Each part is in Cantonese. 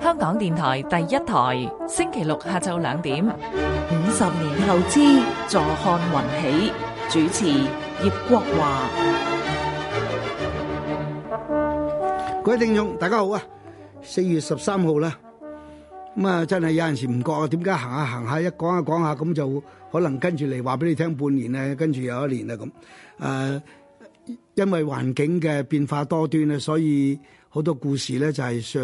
香港電台第一台，星期六下晝兩點。五十年投資，坐看雲起。主持葉國華。各位聽眾，大家好啊！四月十三號啦，咁啊，真係有陣時唔覺啊，點解行下行下一講下講下，咁就可能跟住嚟話俾你聽半年咧，跟住有一年啦，咁誒。因為環境嘅變化多端咧，所以好多故事咧就係上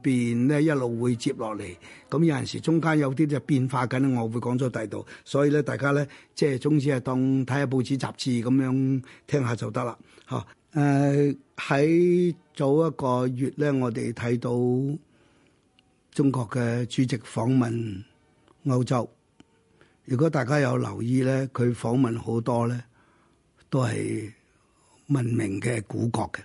邊咧一路會接落嚟。咁有陣時中間有啲就變化緊，我會講咗第度，所以咧大家咧即係總之係當睇下報紙雜誌咁樣聽下就得啦嚇。誒喺早一個月咧，我哋睇到中國嘅主席訪問歐洲。如果大家有留意咧，佢訪問好多咧都係。文明嘅古國嘅，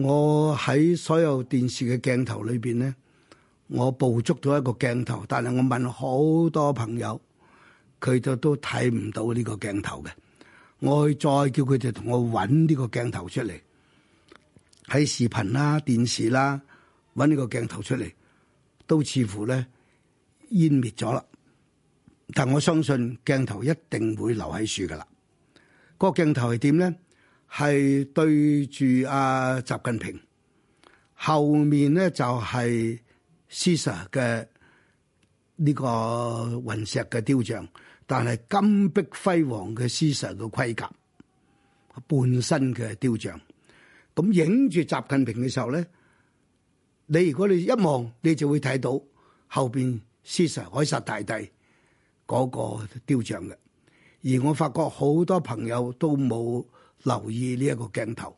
我喺所有電視嘅鏡頭裏邊咧，我捕捉到一個鏡頭，但係我問好多朋友，佢就都睇唔到呢個鏡頭嘅。我去再叫佢哋同我揾呢個鏡頭出嚟，喺視頻啦、電視啦，揾呢個鏡頭出嚟，都似乎咧湮滅咗啦。但我相信鏡頭一定會留喺樹噶啦。個鏡頭係點咧？係對住阿習近平，後面呢就係 Caesar 嘅呢個雲石嘅雕像，但係金碧輝煌嘅 Caesar 嘅盔甲，半身嘅雕像。咁影住習近平嘅時候咧，你如果你一望，你就會睇到後邊 Caesar 凱撒大帝嗰個雕像嘅。而我發覺好多朋友都冇。留意呢一個鏡頭，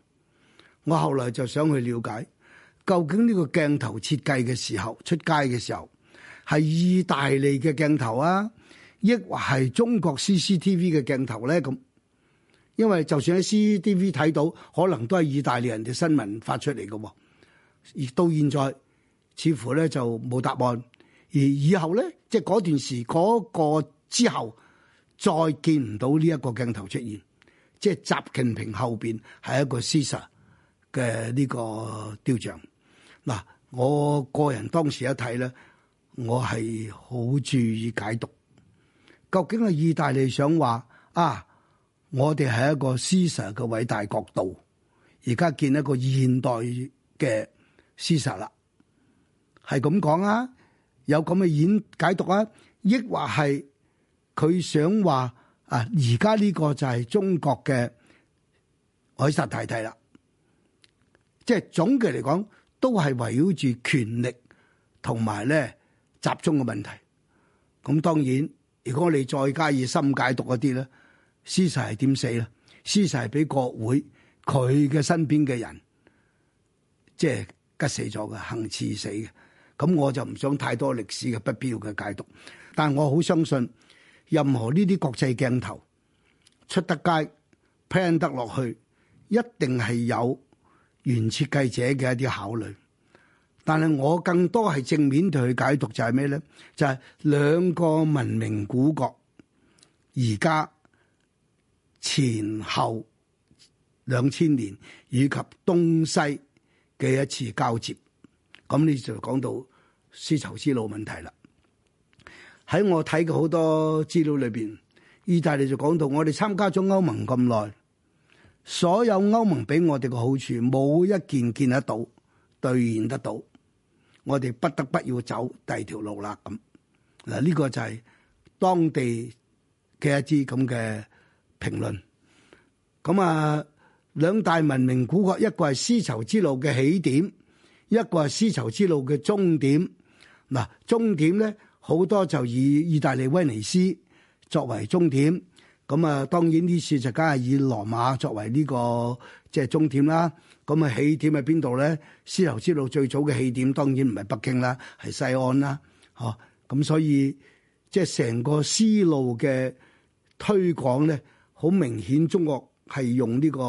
我後來就想去了解究竟呢個鏡頭設計嘅時候，出街嘅時候係意大利嘅鏡頭啊，抑或係中國 CCTV 嘅鏡頭咧？咁因為就算喺 CCTV 睇到，可能都係意大利人嘅新聞發出嚟嘅，而到現在似乎咧就冇答案，而以後咧即係嗰段時嗰個之後再見唔到呢一個鏡頭出現。即係習近平後邊係一個 Caesar 嘅呢個雕像。嗱，我個人當時一睇咧，我係好注意解讀，究竟係意大利想話啊，我哋係一個 Caesar 嘅偉大國度，而家見一個現代嘅 Caesar 啦，係咁講啊，有咁嘅演解讀啊，抑或係佢想話？啊！而家呢個就係中國嘅凱撒太帝啦，即係總嘅嚟講，都係圍繞住權力同埋咧集中嘅問題。咁當然，如果我哋再加以深解讀一啲咧，事實係點死咧？事實係俾國會佢嘅身邊嘅人即係吉死咗嘅，行刺死嘅。咁我就唔想太多歷史嘅不必要嘅解讀，但係我好相信。任何呢啲國際鏡頭出得街 plan 得落去，一定係有原設計者嘅一啲考慮，但係我更多係正面對佢解讀就係咩咧？就係、是、兩個文明古國而家前後兩千年以及東西嘅一次交接。咁你就講到絲綢之路問題啦。喺我睇嘅好多資料裏邊，意大利就講到我哋參加咗歐盟咁耐，所有歐盟俾我哋嘅好處冇一件見得到，兌現得到，我哋不得不要走第二條路啦。咁嗱，呢個就係當地嘅一啲咁嘅評論。咁啊，兩大文明古國，一個係絲綢之路嘅起點，一個係絲綢之路嘅終點。嗱，終點咧。好多就以意大利威尼斯作為終點，咁啊，當然呢次就梗係以羅馬作為呢個即係終點啦。咁啊，起點喺邊度咧？絲綢之路最早嘅起點當然唔係北京啦，係西安啦，吓。咁所以即係成個絲路嘅推廣咧，好明顯中國係用呢個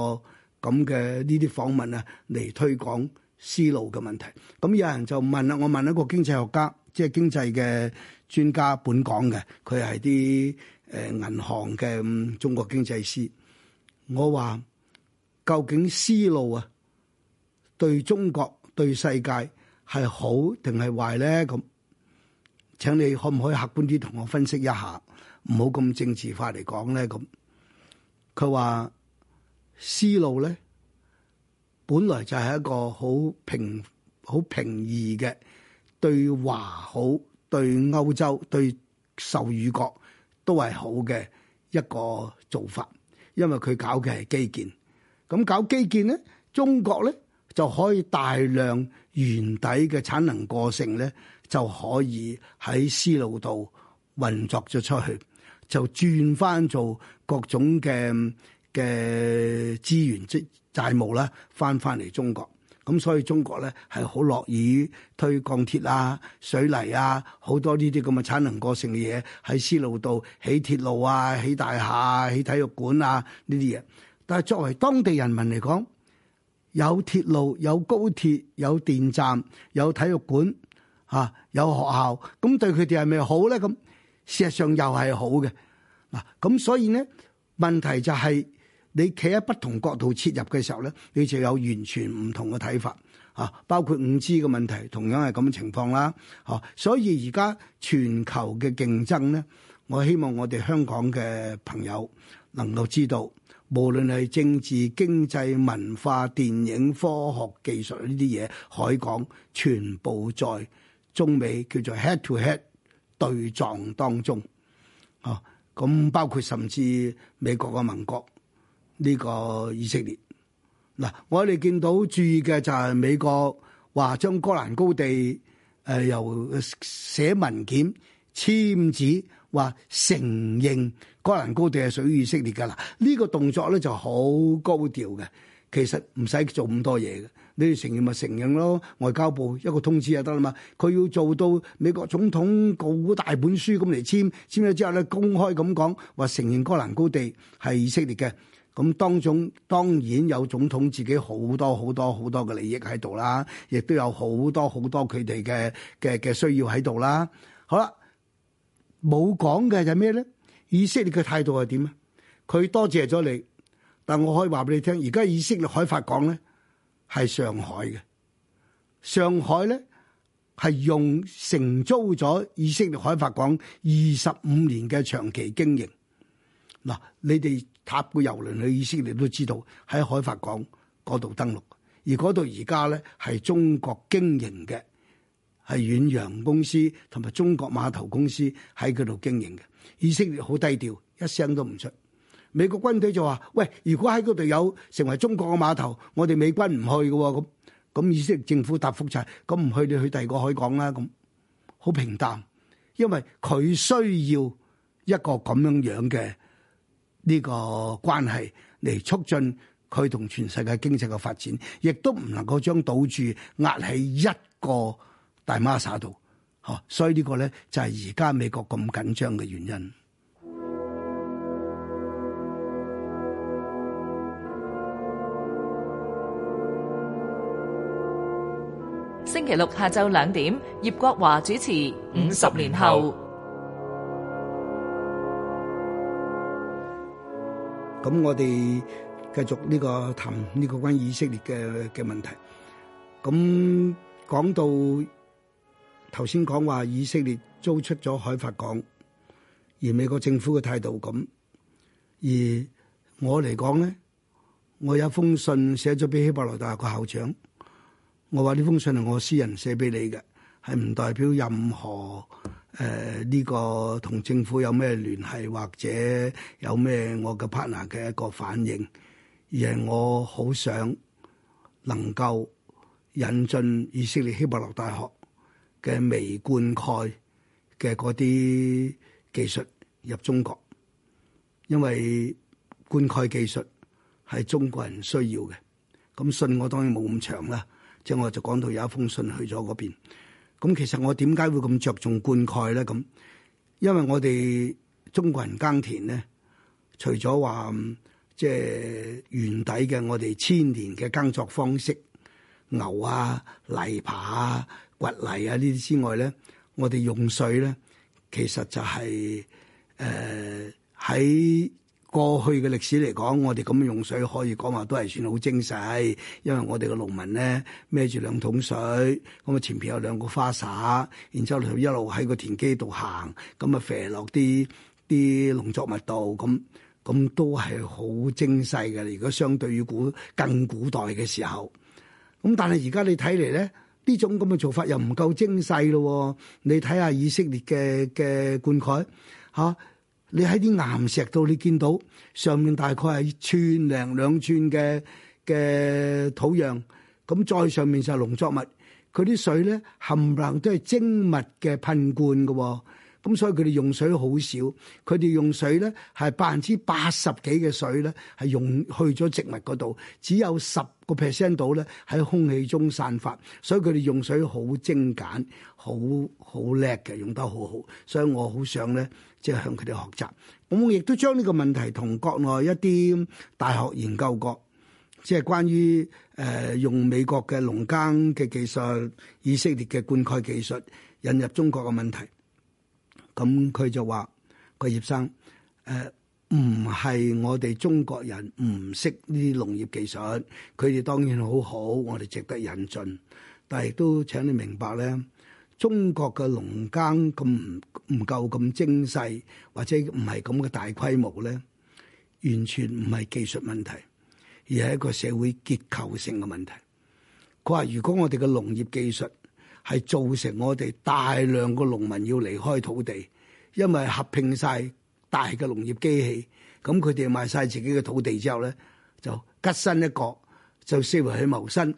咁嘅呢啲訪問啊嚟推廣絲路嘅問題。咁有人就問啦，我問一個經濟學家。即係經濟嘅專家本講的，本港嘅佢係啲誒銀行嘅中國經濟師。我話究竟思路啊，對中國對世界係好定係壞咧？咁，請你可唔可以客觀啲同我分析一下，唔好咁政治化嚟講咧？咁佢話思路咧，本來就係一個好平好平易嘅。對華好，對歐洲、對受援國都係好嘅一個做法，因為佢搞嘅係基建。咁搞基建咧，中國咧就可以大量原底嘅產能過剩咧，就可以喺絲路度運作咗出去，就轉翻做各種嘅嘅資源即債務啦，翻翻嚟中國。咁所以中國咧，係好樂意推鋼鐵啊、水泥啊、好多呢啲咁嘅產能過剩嘅嘢喺絲路度起鐵路啊、起大廈、啊、起體育館啊呢啲嘢。但係作為當地人民嚟講，有鐵路、有高鐵、有電站、有體育館啊、有學校，咁對佢哋係咪好咧？咁事實上又係好嘅嗱。咁所以咧問題就係、是。你企喺不同角度切入嘅時候咧，你就有完全唔同嘅睇法啊。包括五 G 嘅問題同樣係咁嘅情況啦。吓，所以而家全球嘅競爭咧，我希望我哋香港嘅朋友能夠知道，無論係政治、經濟、文化、電影、科學技術呢啲嘢，海港全部在中美叫做 head to head 對撞當中啊。咁包括甚至美國嘅盟國。呢個以色列嗱，我哋見到注意嘅就係美國話將戈蘭高地誒，由寫文件簽字，話承認戈蘭高地係屬於以色列㗎啦。呢個動作咧就好高調嘅，其實唔使做咁多嘢嘅，你哋承認咪承認咯，外交部一個通知就得啦嘛。佢要做到美國總統稿大本書咁嚟簽，簽咗之後咧，公開咁講話承認戈蘭高地係以色列嘅。咁當中當然有總統自己好多好多好多嘅利益喺度啦，亦都有好多好多佢哋嘅嘅嘅需要喺度啦。好啦，冇講嘅就係咩咧？以色列嘅態度係點啊？佢多謝咗你，但我可以話俾你聽，而家以色列海法港咧係上海嘅，上海咧係用承租咗以色列海法港二十五年嘅長期經營。嗱，你哋。塔個遊輪去以色列都知道喺海法港嗰度登陸，而嗰度而家咧係中國經營嘅，係遠洋公司同埋中國碼頭公司喺嗰度經營嘅。以色列好低調，一聲都唔出。美國軍隊就話，喂，如果喺嗰度有成為中國嘅碼頭，我哋美軍唔去嘅喎。咁咁，以色列政府答覆就係，咁唔去你去第二個海港啦。咁好平淡，因為佢需要一個咁樣樣嘅。呢個關係嚟促進佢同全世界經濟嘅發展，亦都唔能夠將賭注壓喺一個大媽沙度，嚇！所以呢個咧就係而家美國咁緊張嘅原因。星期六下晝兩點，葉國華主持《五十年後》。咁我哋繼續呢個談呢、呢個關於以色列嘅嘅問題。咁講到頭先講話以色列租出咗海法港，而美國政府嘅態度咁。而我嚟講咧，我有一封信寫咗俾希伯來大學嘅校長，我話呢封信係我私人寫俾你嘅，係唔代表任何。誒、呃、呢、這個同政府有咩聯繫，或者有咩我嘅 partner 嘅一個反應，而係我好想能夠引進以色列希伯來大學嘅微灌溉嘅嗰啲技術入中國，因為灌溉技術係中國人需要嘅。咁信我當然冇咁長啦，即係我就講到有一封信去咗嗰邊。咁其實我點解會咁着重灌溉咧？咁，因為我哋中國人耕田咧，除咗話即係原底嘅我哋千年嘅耕作方式，牛啊、泥耙啊、掘泥啊呢啲之外咧，我哋用水咧，其實就係誒喺呃過去嘅歷史嚟講，我哋咁樣用水可以講話都係算好精細，因為我哋嘅農民咧孭住兩桶水，咁啊前邊有兩個花灑，然之後佢一路喺個田基度行，咁啊肥落啲啲農作物度，咁咁都係好精細嘅。如果相對於古更古代嘅時候，咁但係而家你睇嚟咧，呢種咁嘅做法又唔夠精細咯。你睇下以色列嘅嘅灌溉嚇。啊你喺啲岩石度，你見到上面大概係寸零兩寸嘅嘅土壤，咁再上面就係農作物。佢啲水咧，冚唪唥都係精密嘅噴灌嘅喎、哦，咁所以佢哋用水好少。佢哋用水咧係百分之八十幾嘅水咧係用去咗植物嗰度，只有十個 percent 度咧喺空氣中散發，所以佢哋用水好精簡，好好叻嘅，用得好好。所以我好想咧。即係向佢哋學習，我亦都將呢個問題同國內一啲大學研究過，即係關於誒、呃、用美國嘅農耕嘅技術、以色列嘅灌溉技術引入中國嘅問題。咁佢就話：個葉生誒唔係我哋中國人唔識呢啲農業技術，佢哋當然好好，我哋值得引進，但係亦都請你明白咧。中國嘅農耕咁唔夠咁精細，或者唔係咁嘅大規模咧，完全唔係技術問題，而係一個社會結構性嘅問題。佢話：如果我哋嘅農業技術係造成我哋大量嘅農民要離開土地，因為合併晒大嘅農業機器，咁佢哋賣晒自己嘅土地之後咧，就吉身一角，就四圍去謀生。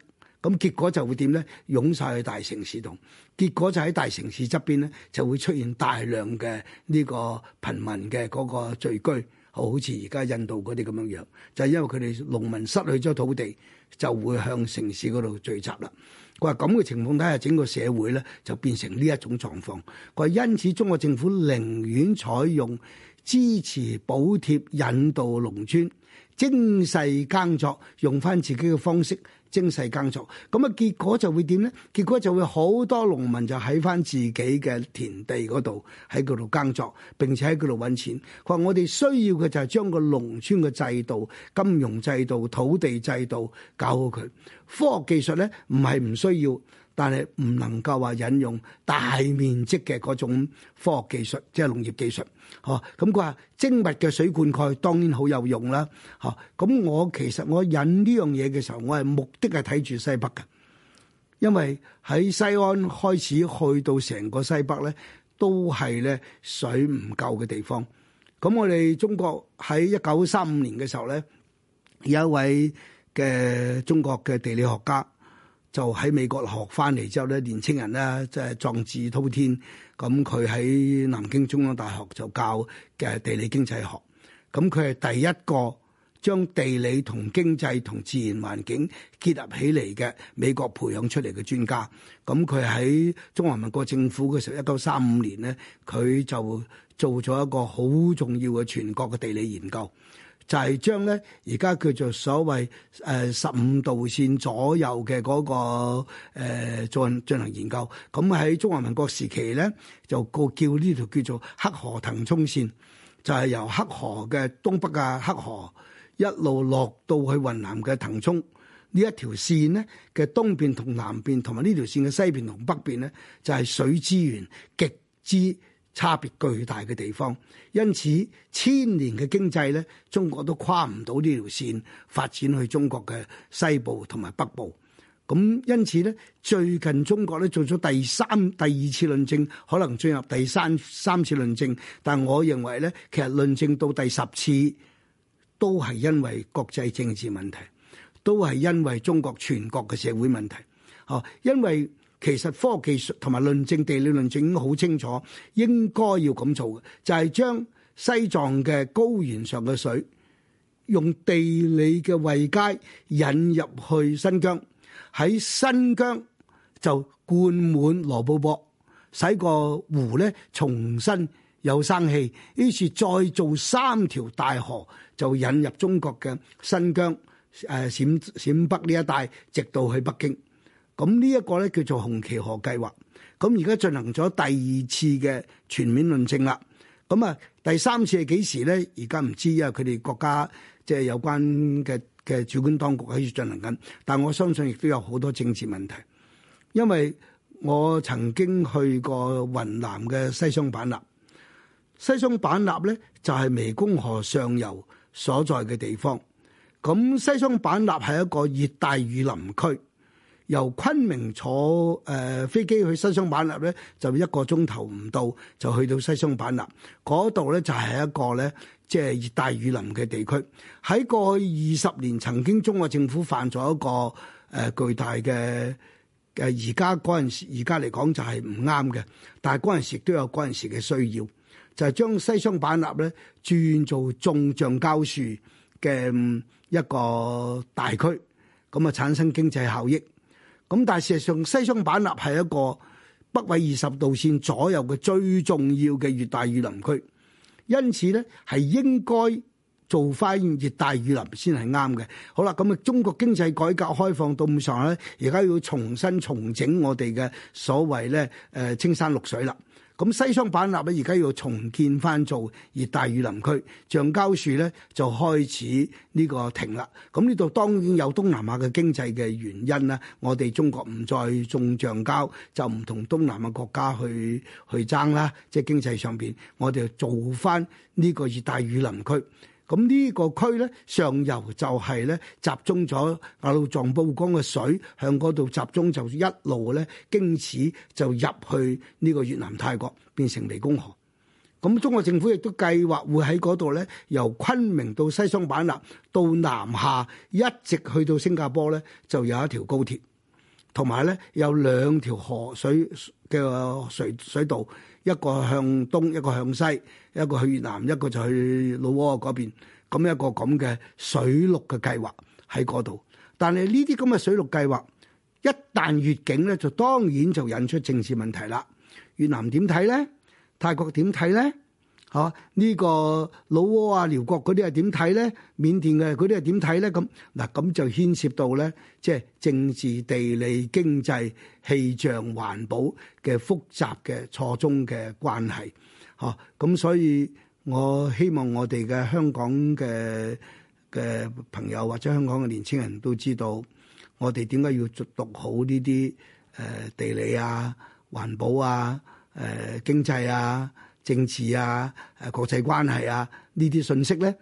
咁、嗯、結果就會點咧？湧晒去大城市度，結果就喺大城市側邊咧，就會出現大量嘅呢個貧民嘅嗰個聚居，好似而家印度嗰啲咁樣樣。就係、是、因為佢哋農民失去咗土地，就會向城市嗰度聚集啦。佢話咁嘅情況底下，整個社會咧就變成呢一種狀況。佢話因此中國政府寧願採用，支持補貼引導農村精細耕作，用翻自己嘅方式精細耕作。咁啊，結果就會點咧？結果就會好多農民就喺翻自己嘅田地嗰度喺嗰度耕作，並且喺嗰度揾錢。佢話：我哋需要嘅就係將個農村嘅制度、金融制度、土地制度搞好佢。科學技術咧，唔係唔需要。但係唔能夠話引用大面積嘅嗰種科學技術，即係農業技術。嚇，咁佢話精密嘅水灌溉當然好有用啦。嚇，咁我其實我引呢樣嘢嘅時候，我係目的係睇住西北嘅，因為喺西安開始去到成個西北咧，都係咧水唔夠嘅地方。咁我哋中國喺一九三五年嘅時候咧，有一位嘅中國嘅地理學家。就喺美國學翻嚟之後咧，年青人咧即係壯志滔天。咁佢喺南京中央大學就教嘅地理經濟學。咁佢係第一個將地理同經濟同自然環境結合起嚟嘅美國培養出嚟嘅專家。咁佢喺中華民國政府嘅時候，一九三五年咧，佢就做咗一個好重要嘅全國嘅地理研究。就係，是，將咧而家叫做所謂誒十五度線左右嘅嗰個進進行研究，咁喺中華民國時期咧就叫呢條叫做黑河騰沖線，就係由黑河嘅東北嘅黑河一路落到去雲南嘅騰沖呢一條線咧嘅東邊同南邊同埋呢條線嘅西邊同北邊咧就係水資源極之。差別巨大嘅地方，因此千年嘅經濟呢，中國都跨唔到呢條線發展去中國嘅西部同埋北部。咁因此呢，最近中國呢做咗第三第二次論證，可能進入第三三次論證。但我認為呢，其實論證到第十次都係因為國際政治問題，都係因為中國全國嘅社會問題。哦，因為。其實科技同埋論證地理論證已經好清楚，應該要咁做嘅，就係、是、將西藏嘅高原上嘅水，用地理嘅位階引入去新疆，喺新疆就灌滿羅布泊，使個湖咧重新有生氣，於是再做三條大河就引入中國嘅新疆誒陝陝北呢一帶，直到去北京。咁呢一個咧叫做紅旗河計劃，咁而家進行咗第二次嘅全面論證啦。咁啊，第三次係幾時咧？而家唔知啊。佢哋國家即係有關嘅嘅主管當局喺度進行緊，但我相信亦都有好多政治問題。因為我曾經去過雲南嘅西雙版納，西雙版納咧就係湄公河上游所在嘅地方。咁西雙版納係一個熱帶雨林區。由昆明坐誒、呃、飛機去西雙版納咧，就一個鐘頭唔到就去到西雙版納嗰度咧就係、是、一個咧，即係熱帶雨林嘅地區。喺過去二十年，曾經中國政府犯咗一個誒、呃、巨大嘅誒，而家嗰陣時而家嚟講就係唔啱嘅。但係嗰陣時都有嗰陣時嘅需要，就係、是、將西雙版納咧轉做種橡膠樹嘅一個大區，咁啊產生經濟效益。咁但係事實上，西雙版納係一個北緯二十度線左右嘅最重要嘅熱帶雨林區，因此咧係應該做翻熱帶雨林先係啱嘅。好啦，咁啊，中國經濟改革開放到咁上下咧，而家要重新重整我哋嘅所謂咧誒青山綠水啦。咁西雙版納咧，而家要重建翻做熱帶雨林區，橡膠樹咧就開始呢個停啦。咁呢度當然有東南亞嘅經濟嘅原因啦。我哋中國唔再種橡膠，就唔同東南亞國家去去爭啦。即係經濟上面，我哋就做翻呢個熱帶雨林區。咁呢個區咧，上游就係咧集中咗雅魯藏布江嘅水向嗰度集中，就一路咧經此就入去呢個越南、泰國變成湄公河。咁中國政府亦都計劃會喺嗰度咧，由昆明到西雙版納，到南下一直去到新加坡咧，就有一條高鐵，同埋咧有兩條河水嘅水水道。一個向東，一個向西，一個去越南，一個就去老撾嗰邊，咁一個咁嘅水陸嘅計劃喺嗰度。但係呢啲咁嘅水陸計劃，一旦越境咧，就當然就引出政治問題啦。越南點睇咧？泰國點睇咧？嚇，呢個老撾啊、寮國嗰啲係點睇咧？緬甸嘅嗰啲係點睇咧？咁嗱，咁就牽涉到咧，即係政治、地理、經濟、氣象、環保嘅複雜嘅錯綜嘅關係。嚇，咁，所以我希望我哋嘅香港嘅嘅朋友或者香港嘅年輕人都知道，我哋點解要讀好呢啲誒地理啊、環保啊、誒經濟啊。政治啊，誒國際關係啊，呢啲信息咧，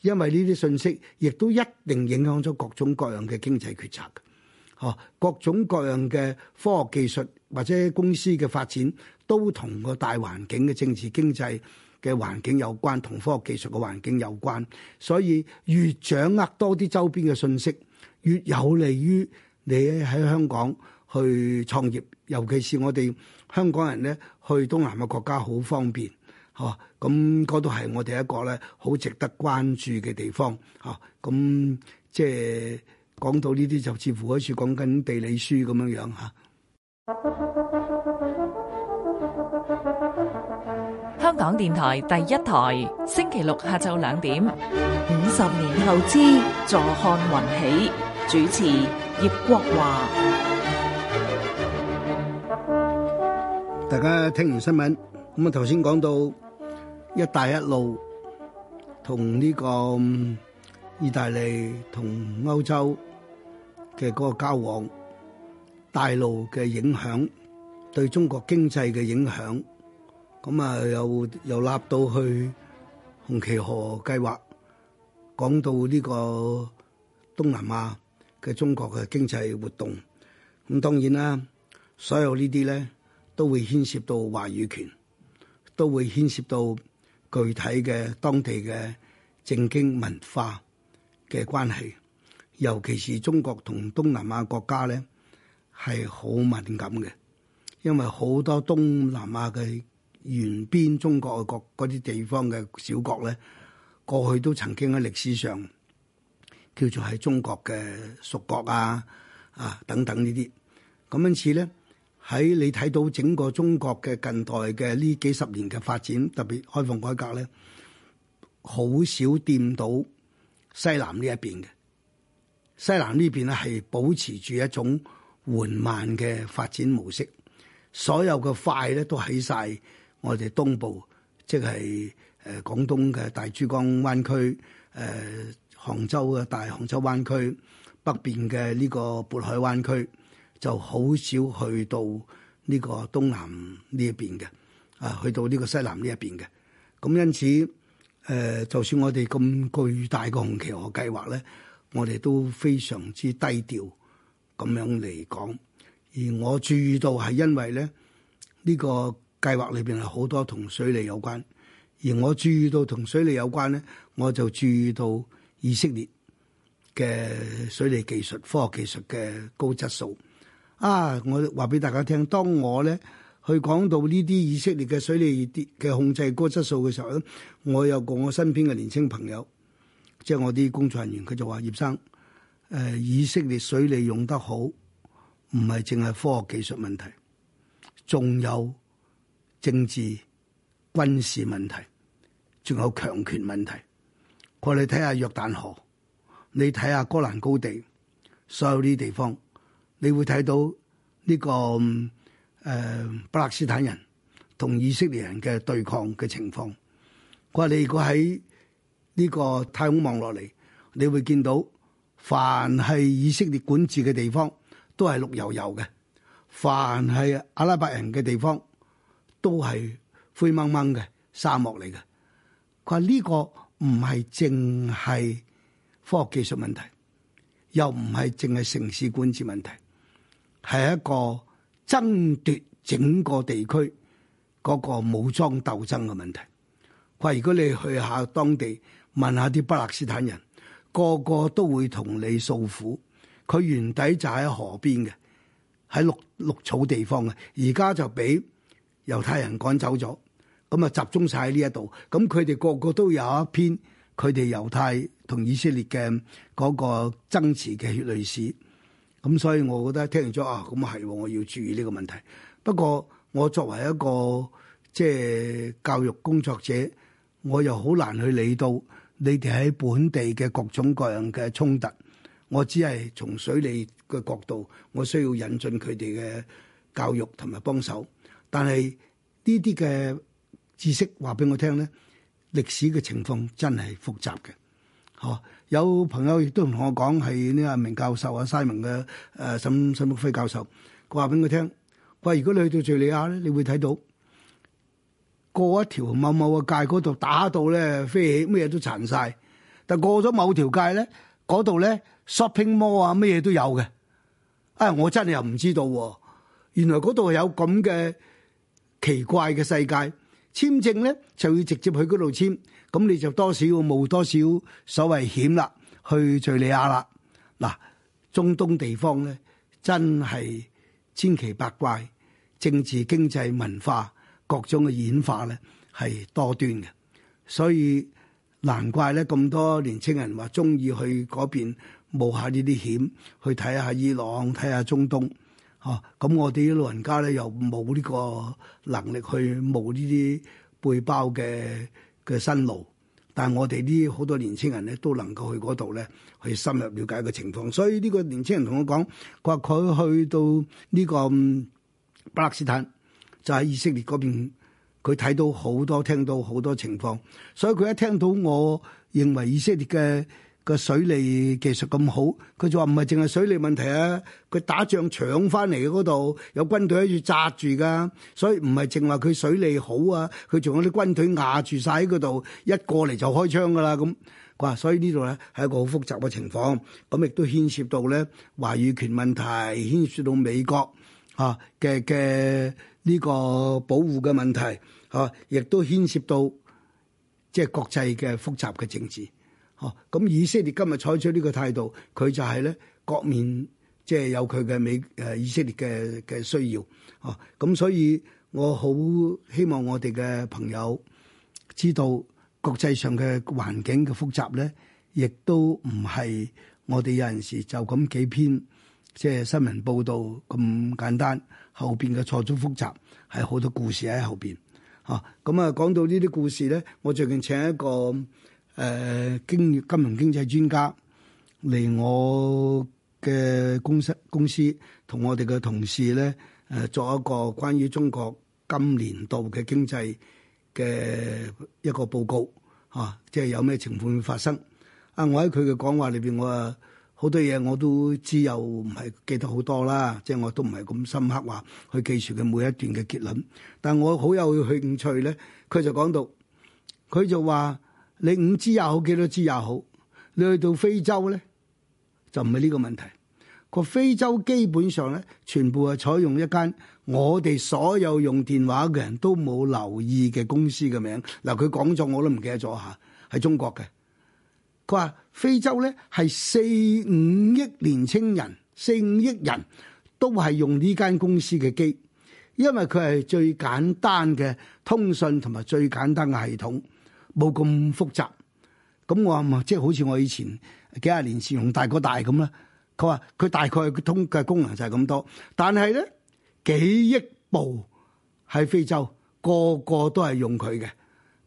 因為呢啲信息亦都一定影響咗各種各樣嘅經濟決策嘅，各種各樣嘅科學技術或者公司嘅發展都同個大環境嘅政治經濟嘅環境有關，同科學技術嘅環境有關，所以越掌握多啲周邊嘅信息，越有利於你喺香港去創業，尤其是我哋。香港人咧去東南嘅國家好方便，嚇咁嗰都係我哋一個咧好值得關注嘅地方，嚇咁即係講到呢啲就似乎好似講緊地理書咁樣樣嚇。香港電台第一台，星期六下晝兩點，五十年後之，坐看雲起，主持葉國華。大家聽完新聞咁啊，頭先講到一帶一路同呢個意大利同歐洲嘅嗰個交往，大陸嘅影響對中國經濟嘅影響，咁啊，又又納到去紅旗河計劃，講到呢個東南亞嘅中國嘅經濟活動，咁當然啦，所有呢啲咧。都會牽涉到話語權，都會牽涉到具體嘅當地嘅政經文化嘅關係，尤其是中國同東南亞國家咧係好敏感嘅，因為好多東南亞嘅沿邊中國嘅國嗰啲地方嘅小國咧，過去都曾經喺歷史上叫做係中國嘅屬國啊啊等等這些這呢啲，咁因此咧。喺你睇到整個中國嘅近代嘅呢幾十年嘅發展，特別開放改革咧，好少掂到西南呢一邊嘅。西南呢邊咧係保持住一種緩慢嘅發展模式，所有嘅快咧都喺晒我哋東部，即係誒廣東嘅大珠江灣區，誒杭州嘅大杭州灣區，北邊嘅呢個渤海灣區。就好少去到呢個東南呢一邊嘅啊，去到呢個西南呢一邊嘅咁。咁因此誒、呃、就算我哋咁巨大嘅紅旗河計劃咧，我哋都非常之低調，咁樣嚟講，而我注意到係因為咧呢、這個計劃裏邊係好多同水利有關，而我注意到同水利有關咧，我就注意到以色列嘅水利技術，科學技術嘅高質素。啊！我話俾大家聽，當我咧去講到呢啲以色列嘅水利嘅控制嘅質素嘅時候咧，我有個我身邊嘅年輕朋友，即係我啲工作人員，佢就話葉生，誒，以色列水利用得好，唔係淨係科學技術問題，仲有政治、軍事問題，仲有強權問題。我哋睇下約旦河，你睇下哥蘭高地，所有呢啲地方。你會睇到呢、這個誒、呃、巴勒斯坦人同以色列人嘅對抗嘅情況。佢話你如果喺呢個太空望落嚟，你會見到凡係以色列管治嘅地方都係綠油油嘅，凡係阿拉伯人嘅地方都係灰掹掹嘅沙漠嚟嘅。佢話呢個唔係淨係科學技術問題，又唔係淨係城市管治問題。係一個爭奪整個地區嗰個武裝鬥爭嘅問題。佢話如果你去下當地問下啲巴勒斯坦人，個個都會同你訴苦。佢原底就喺河邊嘅，喺綠綠草地方嘅，而家就俾猶太人趕走咗。咁啊集中晒喺呢一度，咁佢哋個個都有一篇佢哋猶太同以色列嘅嗰個爭持嘅血淚史。咁所以，我覺得聽完咗啊，咁係喎，我要注意呢個問題。不過我作為一個即係、就是、教育工作者，我又好難去理到你哋喺本地嘅各種各樣嘅衝突。我只係從水利嘅角度，我需要引進佢哋嘅教育同埋幫手。但係呢啲嘅知識話俾我聽咧，歷史嘅情況真係複雜嘅。哦，有朋友亦都同我講，係呢阿明教授啊 Simon 嘅誒沈沈木輝教授，佢話俾我聽，喂，如果你去到敍利亞咧，你會睇到過一條某某嘅界嗰度打到咧飛起，咩嘢都殘晒。但過咗某條界咧，嗰度咧 shopping mall 啊乜嘢都有嘅。啊、哎，我真係又唔知道喎、啊，原來嗰度有咁嘅奇怪嘅世界。簽證咧就要直接去嗰度簽，咁你就多少冒多少所謂險啦，去敍利亞啦。嗱，中東地方咧真係千奇百怪，政治、經濟、文化各種嘅演化咧係多端嘅，所以難怪咧咁多年青人話中意去嗰邊冒下呢啲險，去睇下伊朗，睇下中東。咁、啊、我哋啲老人家咧又冇呢個能力去冒呢啲背包嘅嘅新路，但係我哋啲好多年青人咧都能夠去嗰度咧去深入了解個情況。所以呢個年青人同我講，佢話佢去到呢、這個巴勒斯坦，就喺以色列嗰邊，佢睇到好多、聽到好多情況。所以佢一聽到我認為以色列嘅個水利技術咁好，佢就話唔係淨係水利問題啊！佢打仗搶翻嚟嘅嗰度有軍隊喺住紮住噶，所以唔係淨話佢水利好啊！佢仲有啲軍隊壓住晒喺嗰度，一過嚟就開槍噶啦咁。佢話，所以呢度咧係一個好複雜嘅情況，咁亦都牽涉到咧話語權問題，牽涉到美國啊嘅嘅呢個保護嘅問題啊，亦都牽涉到即係國際嘅複雜嘅政治。哦，咁以色列今日採取呢個態度，佢就係咧各面即係、就是、有佢嘅美誒、呃、以色列嘅嘅需要。哦，咁所以我好希望我哋嘅朋友知道國際上嘅環境嘅複雜咧，亦都唔係我哋有陣時就咁幾篇即係、就是、新聞報道咁簡單，後邊嘅錯綜複雜係好多故事喺後邊。嚇、哦、咁、嗯、啊講到呢啲故事咧，我最近請一個，誒經金融經濟專家嚟我嘅公司，公司同我哋嘅同事咧誒，作一個關於中國今年度嘅經濟嘅一個報告嚇、啊，即係有咩情況發生啊！我喺佢嘅講話裏邊，我好多嘢我都知，又唔係記得好多啦，即係我都唔係咁深刻話去記住佢每一段嘅結論。但我好有興趣咧，佢就講到，佢就話。你五 G 也好，幾多 G 也好，你去到非洲咧就唔係呢個問題。個非洲基本上咧，全部係採用一間我哋所有用電話嘅人都冇留意嘅公司嘅名。嗱，佢講咗我都唔記得咗吓，係中國嘅。佢話非洲咧係四五億年青人，四五億人都係用呢間公司嘅機，因為佢係最簡單嘅通訊同埋最簡單嘅系統。冇咁複雜，咁我話唔即係好似我以前幾廿年前用大哥大咁啦。佢話佢大概通嘅功能就係咁多，但係咧幾億部喺非洲，個個都係用佢嘅。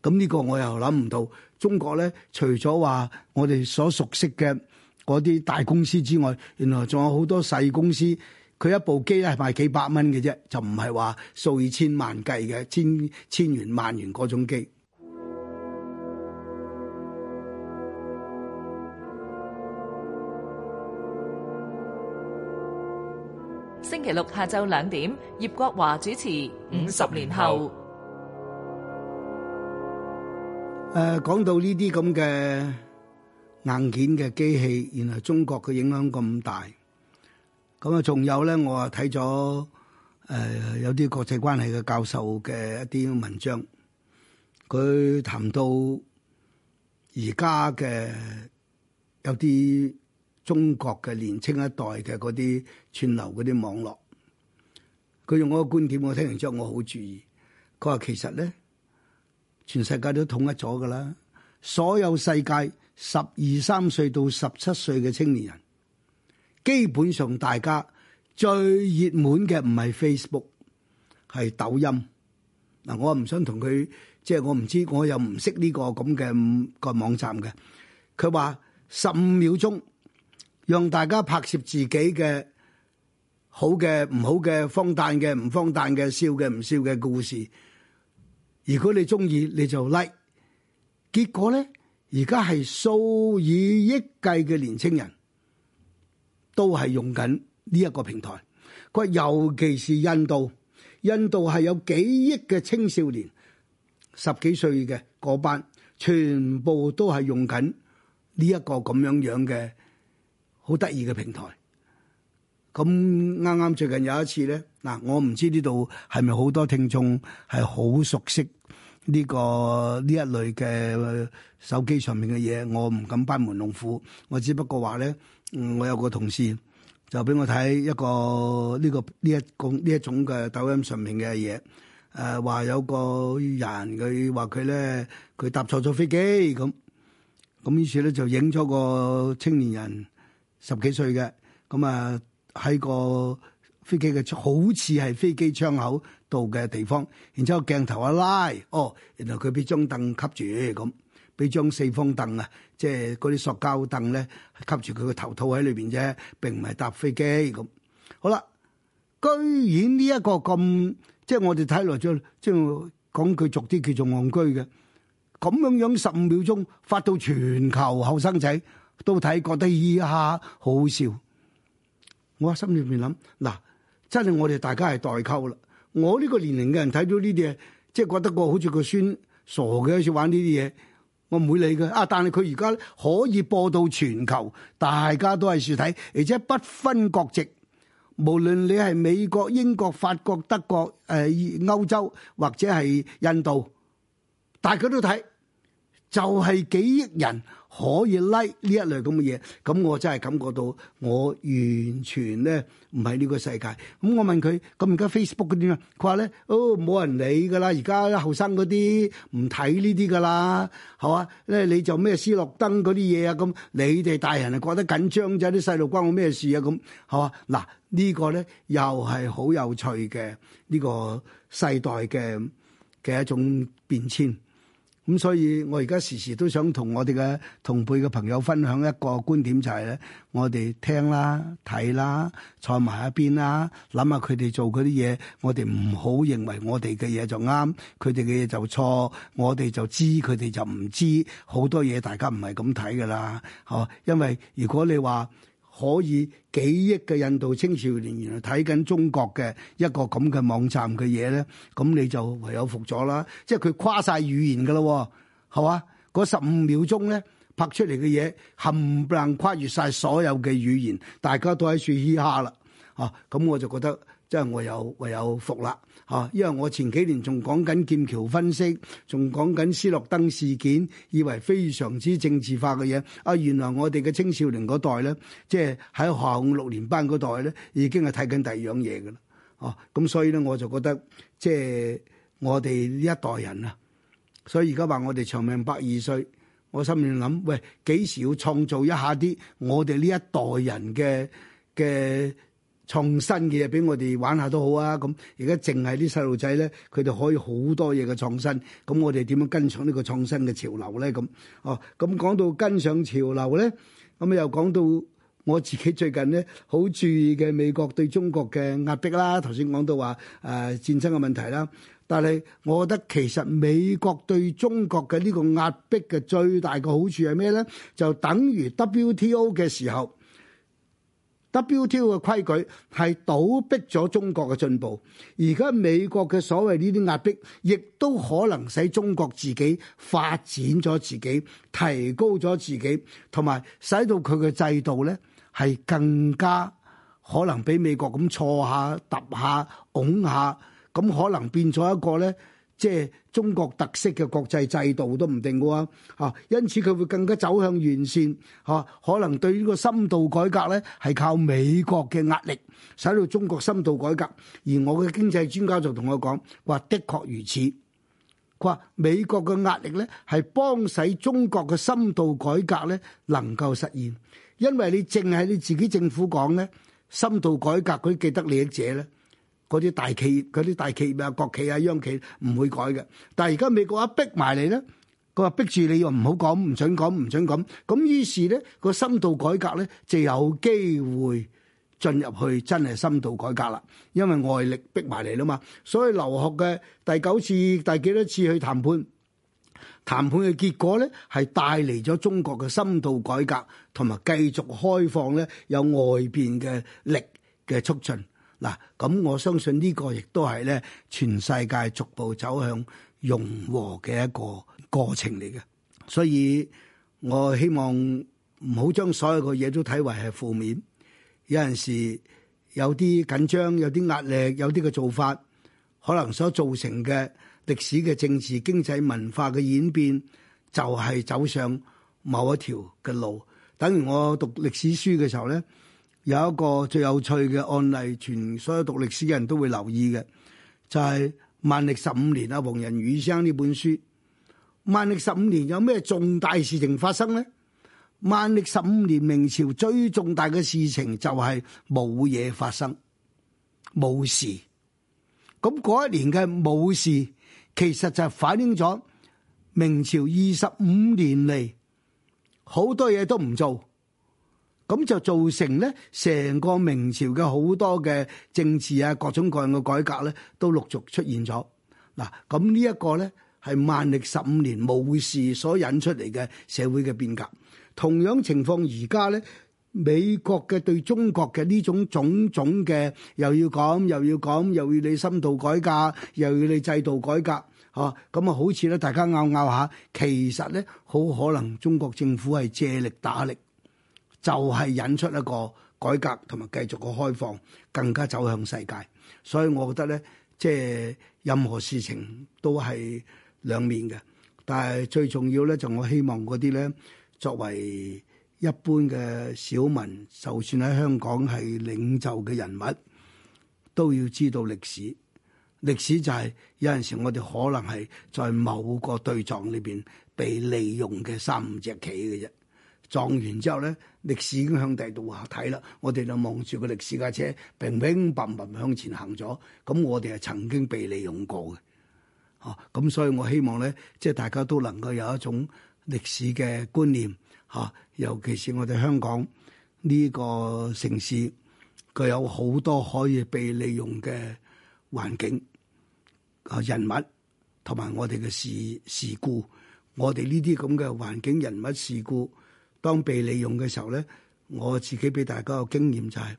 咁呢個我又諗唔到。中國咧，除咗話我哋所熟悉嘅嗰啲大公司之外，原來仲有好多細公司。佢一部機咧係賣幾百蚊嘅啫，就唔係話數以千萬計嘅千千元、萬元嗰種機。星期六下晝兩點，葉國華主持《五十年後》年後。誒、啊，講到呢啲咁嘅硬件嘅機器，原來中國嘅影響咁大。咁啊，仲有咧，我啊睇咗誒有啲國際關係嘅教授嘅一啲文章，佢談到而家嘅有啲。中國嘅年青一代嘅嗰啲串流嗰啲網絡，佢用嗰個觀點，我聽完之後我好注意。佢話其實咧，全世界都統一咗㗎啦。所有世界十二三歲到十七歲嘅青年人，基本上大家最熱門嘅唔係 Facebook，係抖音嗱。我唔想同佢，即係我唔知，我又唔識呢個咁嘅個網站嘅。佢話十五秒鐘。讓大家拍攝自己嘅好嘅、唔好嘅、荒誕嘅、唔荒誕嘅、笑嘅、唔笑嘅故事。如果你中意，你就 like。結果咧，而家係數以億計嘅年青人都係用緊呢一個平台。佢話尤其是印度，印度係有幾億嘅青少年，十幾歲嘅嗰班，全部都係用緊呢一個咁樣樣嘅。好得意嘅平台，咁啱啱最近有一次咧，嗱，我唔知呢度係咪好多聽眾係好熟悉呢個呢一類嘅手機上面嘅嘢。我唔敢班門弄斧，我只不過話咧，我有個同事就俾我睇一個呢個呢一個呢一種嘅抖音上面嘅嘢，誒，話有個人佢話佢咧，佢搭錯咗飛機咁咁，於是咧就影咗個青年人。十幾歲嘅，咁啊喺個飛機嘅窗，好似係飛機窗口度嘅地方，然之後鏡頭一拉，哦，然後佢俾張凳吸住，咁俾張四方凳啊，即係嗰啲塑膠凳咧吸住佢個頭套喺裏邊啫，並唔係搭飛機咁。好啦，居然呢一個咁，即係我哋睇落咗，即係講佢俗啲叫做戇居嘅，咁樣樣十五秒鐘發到全球後生仔。都睇覺得咦吓、哎、好笑，我喺心裏面諗嗱，真係我哋大家係代溝啦。我呢個年齡嘅人睇到呢啲嘢，即係覺得個好似個孫傻嘅，好似玩呢啲嘢，我唔會理佢。啊，但係佢而家可以播到全球，大家都係豎睇，而且不分國籍，無論你係美國、英國、法國、德國、誒、呃、歐洲或者係印度，大家都睇。就係、是、幾億人可以 like 呢一類咁嘅嘢，咁我真係感覺到我完全咧唔喺呢個世界。咁我問佢，咁而家 Facebook 嗰啲啊，佢話咧，哦冇人理噶啦，而家後生嗰啲唔睇呢啲噶啦，係嘛？咧你就咩斯諾登嗰啲嘢啊咁，你哋大人啊覺得緊張就啲細路關我咩事啊咁，係嘛？嗱、這個、呢個咧又係好有趣嘅呢、這個世代嘅嘅一種變遷。咁所以，我而家時時都想同我哋嘅同輩嘅朋友分享一個觀點，就係咧，我哋聽啦、睇啦、坐埋一邊啦、諗下佢哋做嗰啲嘢，我哋唔好認為我哋嘅嘢就啱，佢哋嘅嘢就錯，我哋就知，佢哋就唔知，好多嘢大家唔係咁睇噶啦，嚇！因為如果你話，可以幾億嘅印度青少年原來睇緊中國嘅一個咁嘅網站嘅嘢咧，咁你就唯有服咗啦。即係佢跨晒語言噶咯，係嘛？嗰十五秒鐘咧拍出嚟嘅嘢，冚唪唥跨越晒所有嘅語言，大家都喺度嘻哈啦，啊！咁我就覺得。即係我有我有福啦嚇、啊，因為我前幾年仲講緊劍橋分析，仲講緊斯諾登事件，以為非常之政治化嘅嘢。啊，原來我哋嘅青少年嗰代咧，即係喺下五六年班嗰代咧，已經係睇緊第二樣嘢㗎啦。哦、啊，咁所以咧，我就覺得即係我哋呢一代人啊，所以而家話我哋長命百二歲，我心入面諗喂，幾時要創造一下啲我哋呢一代人嘅嘅？的創新嘅嘢俾我哋玩下都好啊！咁而家淨係啲細路仔咧，佢哋可以好多嘢嘅創新。咁我哋點樣跟上呢個創新嘅潮流咧？咁哦，咁、嗯、講到跟上潮流咧，咁、嗯、又講到我自己最近咧，好注意嘅美國對中國嘅壓迫啦。頭先講到話誒、呃、戰爭嘅問題啦，但係我覺得其實美國對中國嘅呢個壓迫嘅最大個好處係咩咧？就等於 WTO 嘅時候。WTO 嘅規矩係倒逼咗中國嘅進步，而家美國嘅所謂呢啲壓迫，亦都可能使中國自己發展咗自己，提高咗自己，同埋使到佢嘅制度咧係更加可能畀美國咁錯下揼下拱下，咁可能變咗一個咧。即係中國特色嘅國際制度都唔定嘅喎，嚇！因此佢會更加走向完善，嚇。可能對於個深度改革咧，係靠美國嘅壓力，使到中國深度改革。而我嘅經濟專家就同我講話，的確如此。佢話美國嘅壓力咧，係幫使中國嘅深度改革咧能夠實現，因為你淨係你自己政府講咧，深度改革佢記得你一者咧。嗰啲大企業、嗰啲大企業啊、國企啊、央企唔會改嘅。但係而家美國一逼埋你咧，佢話逼住你，又唔好講，唔準講，唔準講。咁於是咧，個深度改革咧就有機會進入去真係深度改革啦。因為外力逼埋嚟啦嘛，所以留學嘅第九次、第幾多次去談判，談判嘅結果咧係帶嚟咗中國嘅深度改革，同埋繼續開放咧有外邊嘅力嘅促進。嗱，咁我相信呢個亦都係咧，全世界逐步走向融和嘅一個過程嚟嘅。所以我希望唔好將所有嘅嘢都睇為係負面。有陣時有啲緊張，有啲壓力，有啲嘅做法，可能所造成嘅歷史嘅政治、經濟、文化嘅演變，就係走上某一條嘅路。等於我讀歷史書嘅時候咧。有一個最有趣嘅案例，全所有讀歷史嘅人都會留意嘅，就係萬曆十五年啊，黃仁宇生呢本書。萬曆十五年有咩重大事情發生呢？萬曆十五年明朝最重大嘅事情就係冇嘢發生，冇事。咁嗰一年嘅冇事，其實就反映咗明朝二十五年嚟好多嘢都唔做。咁就造成咧，成個明朝嘅好多嘅政治啊，各種各樣嘅改革咧，都陸續出現咗。嗱，咁呢一個咧係萬歷十五年無事所引出嚟嘅社會嘅變革。同樣情況，而家咧，美國嘅對中國嘅呢種種種嘅又要講，又要講，又要你深度改革，又要你制度改革，嚇咁啊，好似咧大家拗拗下，其實咧好可能中國政府係借力打力。就係、是、引出一個改革同埋繼續個開放，更加走向世界。所以，我覺得咧，即係任何事情都係兩面嘅。但係最重要咧，就我希望嗰啲咧，作為一般嘅小民，就算喺香港係領袖嘅人物，都要知道歷史。歷史就係有陣時我哋可能係在某個對撞裏邊被利用嘅三五隻棋嘅啫。撞完之後咧，歷史已經向第度下睇啦。我哋就望住個歷史架車，平平穩穩向前行咗。咁我哋係曾經被利用過嘅，嚇、啊、咁。所以我希望咧，即係大家都能夠有一種歷史嘅觀念嚇、啊，尤其是我哋香港呢個城市，佢有好多可以被利用嘅環境、啊人物同埋我哋嘅事事故。我哋呢啲咁嘅環境、人物、事故。當被利用嘅時候咧，我自己俾大家嘅經驗就係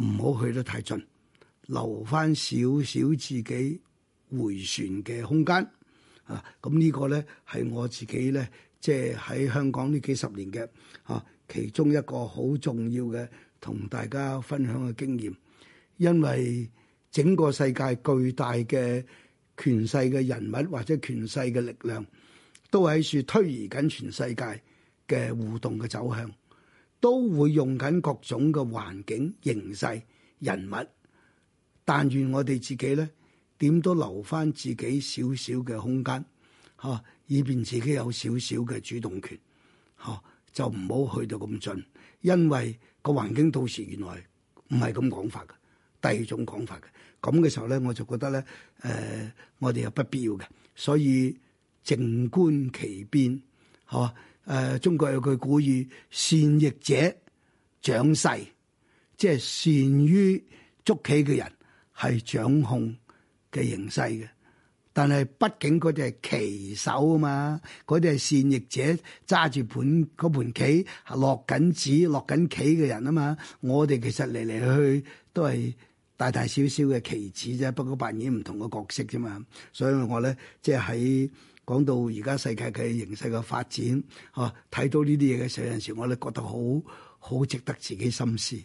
唔好去得太盡，留翻少少自己迴旋嘅空間啊！咁、嗯、呢個咧係我自己咧，即係喺香港呢幾十年嘅啊，其中一個好重要嘅同大家分享嘅經驗，因為整個世界巨大嘅權勢嘅人物或者權勢嘅力量，都喺處推移緊全世界。嘅互動嘅走向，都會用緊各種嘅環境、形勢、人物。但願我哋自己咧點都留返自己少少嘅空間，嚇、啊，以便自己有少少嘅主動權，嚇、啊、就唔好去到咁盡，因為個環境到時原來唔係咁講法嘅，第二種講法嘅咁嘅時候咧，我就覺得咧，誒、呃、我哋係不必要嘅，所以靜觀其變，嚇、啊。誒、呃，中國有句古語：善弈者掌勢，即係善於捉棋嘅人係掌控嘅形勢嘅。但係畢竟嗰啲係棋手啊嘛，嗰啲係善弈者揸住盤嗰盤棋落緊子、落緊棋嘅人啊嘛。我哋其實嚟嚟去去都係大大小小嘅棋子啫，不過扮演唔同嘅角色啫嘛。所以我咧，即係喺。講到而家世界嘅形勢嘅發展，嚇睇到呢啲嘢嘅時候，有陣時我哋覺得好好值得自己深思。